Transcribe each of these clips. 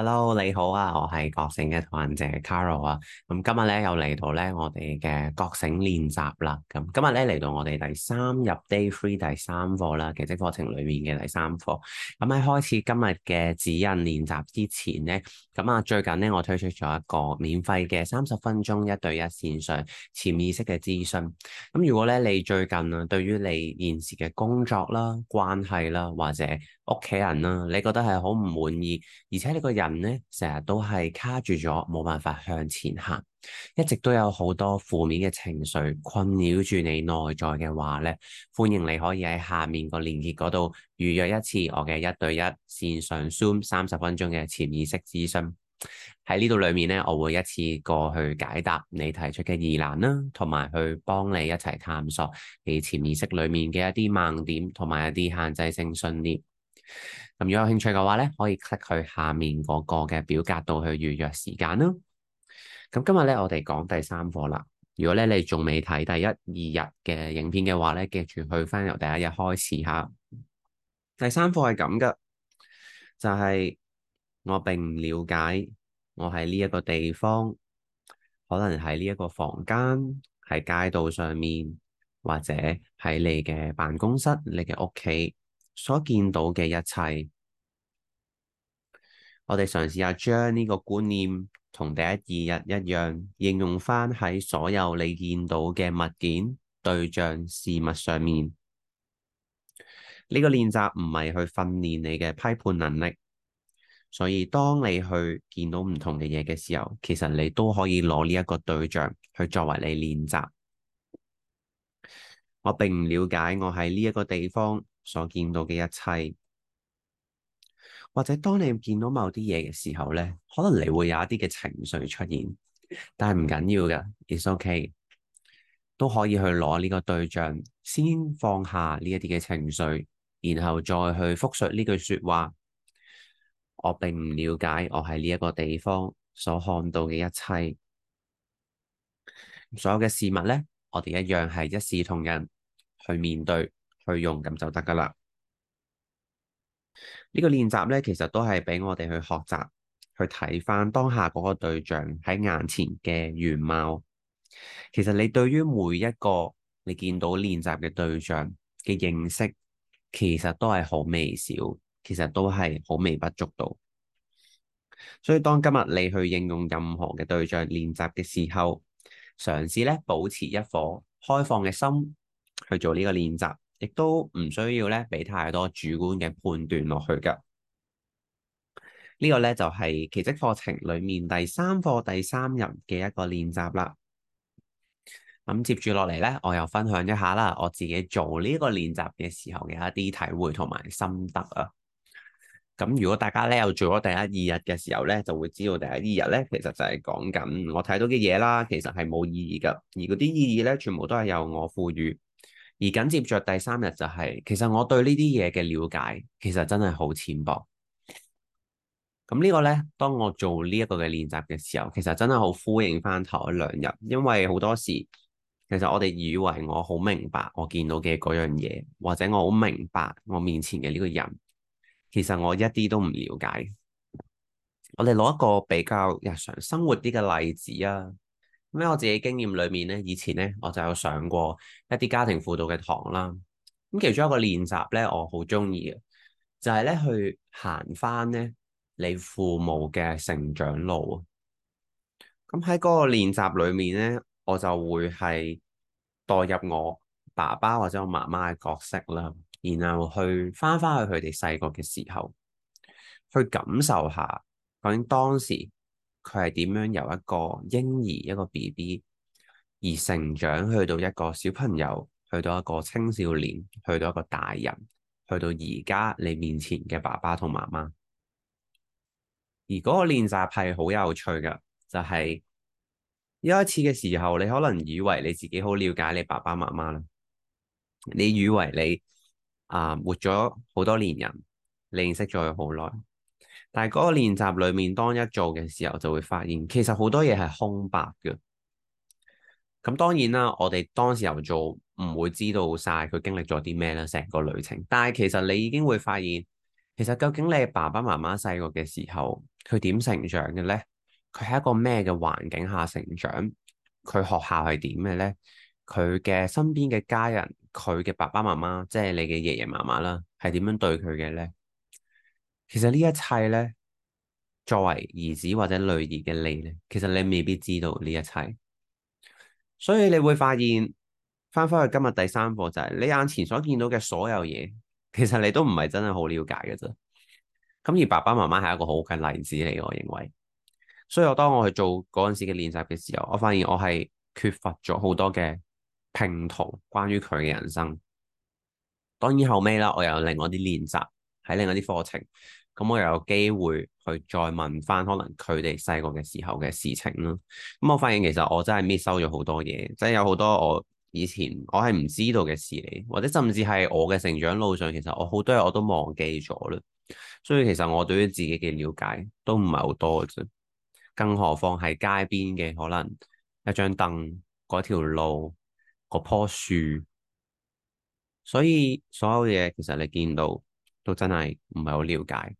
Hello，你好啊，我係覺醒嘅同行者 Kyro 啊，咁今日咧又嚟到咧我哋嘅覺醒練習啦，咁今日咧嚟到我哋第三日 day three 第三課啦，奇蹟課程裏面嘅第三課，咁、嗯、喺開始今日嘅指引練習之前咧，咁啊最近咧我推出咗一個免費嘅三十分鐘一對一線上潛意識嘅諮詢，咁如果咧你最近啊對於你現時嘅工作啦、關係啦或者屋企人啦，你覺得係好唔滿意，而且呢個人。人呢成日都係卡住咗，冇辦法向前行，一直都有好多負面嘅情緒困擾住你內在嘅話呢，歡迎你可以喺下面個鏈接嗰度預約一次我嘅一對一線上 Zoom 三十分鐘嘅潛意識諮詢。喺呢度裏面呢，我會一次過去解答你提出嘅疑難啦，同埋去幫你一齊探索你潛意識裏面嘅一啲盲點同埋一啲限制性信念。咁如果有興趣嘅話咧，可以 click 去下，下面嗰個嘅表格度去預約時間啦。咁今日咧，我哋講第三課啦。如果咧你仲未睇第一、二日嘅影片嘅話咧，記住去翻由第一日開始吓。第三課係咁噶，就係、是、我並唔了解我喺呢一個地方，可能喺呢一個房間、喺街道上面，或者喺你嘅辦公室、你嘅屋企，所見到嘅一切，我哋嘗試下將呢個觀念同第一二日一樣應用返喺所有你見到嘅物件、對象、事物上面。呢個練習唔係去訓練你嘅批判能力，所以當你去見到唔同嘅嘢嘅時候，其實你都可以攞呢一個對象去作為你練習。我並唔了解我喺呢一個地方，所見到嘅一切，或者當你見到某啲嘢嘅時候咧，可能你會有一啲嘅情緒出現，但係唔緊要嘅，It's okay，都可以去攞呢個對象，先放下呢一啲嘅情緒，然後再去複述呢句説話。我並唔了解我喺呢一個地方所看到嘅一切，所有嘅事物咧，我哋一樣係一視同仁去面對。去用咁就得噶啦。這個、練習呢個練習咧，其實都係俾我哋去學習去睇翻當下嗰個對象喺眼前嘅原貌。其實你對於每一個你見到練習嘅對象嘅認識，其實都係好微小，其實都係好微不足道。所以當今日你去應用任何嘅對象練習嘅時候，嘗試咧保持一顆開放嘅心去做呢個練習。亦都唔需要咧，俾太多主觀嘅判斷落去噶。呢個咧就係奇蹟課程裡面第三課第三日嘅一個練習啦。咁接住落嚟咧，我又分享一下啦，我自己做呢個練習嘅時候嘅一啲體會同埋心得啊。咁如果大家咧又做咗第一二日嘅時候咧，就會知道第一二日咧其實就係講緊我睇到嘅嘢啦，其實係冇意義噶，而嗰啲意義咧全部都係由我賦予。而緊接着第三日就係，其實我對呢啲嘢嘅了解其實真係好淺薄。咁呢個咧，當我做呢一個嘅練習嘅時候，其實真係好呼應翻頭一兩日，因為好多時其實我哋以為我好明白我見到嘅嗰樣嘢，或者我好明白我面前嘅呢個人，其實我一啲都唔了解。我哋攞一個比較日常生活啲嘅例子啊。咩？我自己經驗裏面咧，以前咧我就有上過一啲家庭輔導嘅堂啦。咁其中一個練習咧，我好中意嘅就係咧去行翻咧你父母嘅成長路。咁喺嗰個練習裏面咧，我就會係代入我爸爸或者我媽媽嘅角色啦，然後去翻翻去佢哋細個嘅時候，去感受下究竟當時。佢係點樣由一個嬰兒，一個 B B 而成長去到一個小朋友，去到一個青少年，去到一個大人，去到而家你面前嘅爸爸同媽媽。而嗰個練習係好有趣㗎，就係、是、一開始嘅時候，你可能以為你自己好了解你爸爸媽媽啦，你以為你啊、呃、活咗好多年人，你認識咗佢好耐。但係嗰個練習裏面，當一做嘅時候，就會發現其實好多嘢係空白嘅。咁當然啦，我哋當時由做唔會知道晒佢經歷咗啲咩啦，成個旅程。但係其實你已經會發現，其實究竟你爸爸媽媽細個嘅時候，佢點成長嘅咧？佢喺一個咩嘅環境下成長？佢學校係點嘅咧？佢嘅身邊嘅家人，佢嘅爸爸媽媽，即係你嘅爺爺嫲嫲啦，係點樣對佢嘅咧？其實呢一切咧，作為兒子或者女兒嘅你咧，其實你未必知道呢一切，所以你會發現翻返去今日第三課就係你眼前所見到嘅所有嘢，其實你都唔係真係好了解嘅啫。咁而爸爸媽媽係一個好嘅例子嚟，我認為。所以我當我去做嗰陣時嘅練習嘅時候，我發現我係缺乏咗好多嘅拼圖，關於佢嘅人生。當然後尾啦，我又有另外啲練習。喺另一啲課程，咁我又有機會去再問翻，可能佢哋細個嘅時候嘅事情啦。咁我發現其實我真係 miss 收咗好多嘢，真係有好多我以前我係唔知道嘅事嚟，或者甚至係我嘅成長路上，其實我好多嘢我都忘記咗啦。所以其實我對於自己嘅了解都唔係好多嘅啫，更何況係街邊嘅可能一張凳、嗰條路、嗰棵樹，所以所有嘢其實你見到，都真係唔係好了解，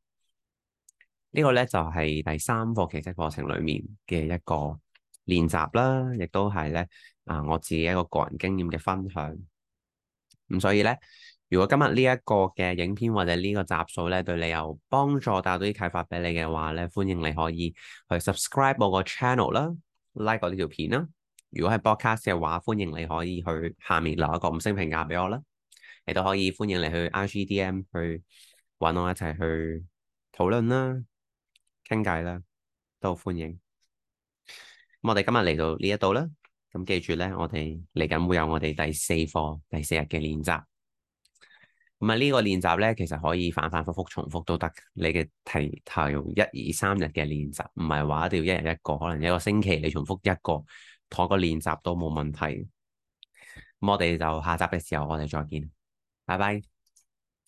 這個、呢個咧，就係、是、第三個奇蹟課程裡面嘅一個練習啦，亦都係咧啊我自己一個個人經驗嘅分享。咁、嗯、所以咧，如果今日呢一個嘅影片或者呢個集數咧對你有幫助，帶到啲啟發俾你嘅話咧，歡迎你可以去 subscribe 我個 channel 啦，like 我呢條片啦。如果係 podcast 嘅話，歡迎你可以去下面留一個五星評價俾我啦。你都可以歡迎嚟去 IG DM 去搵我一齊去討論啦，傾偈啦，都歡迎。我哋今日嚟到呢一度啦，咁記住咧，我哋嚟緊會有我哋第四課第四日嘅練習。咁啊，呢個練習咧，其實可以反反复覆重複都得。你嘅提，提用一二三日嘅練習，唔係話一定要一日一個，可能一個星期你重複一個，同個練習都冇問題。咁我哋就下集嘅時候我哋再見。拜拜。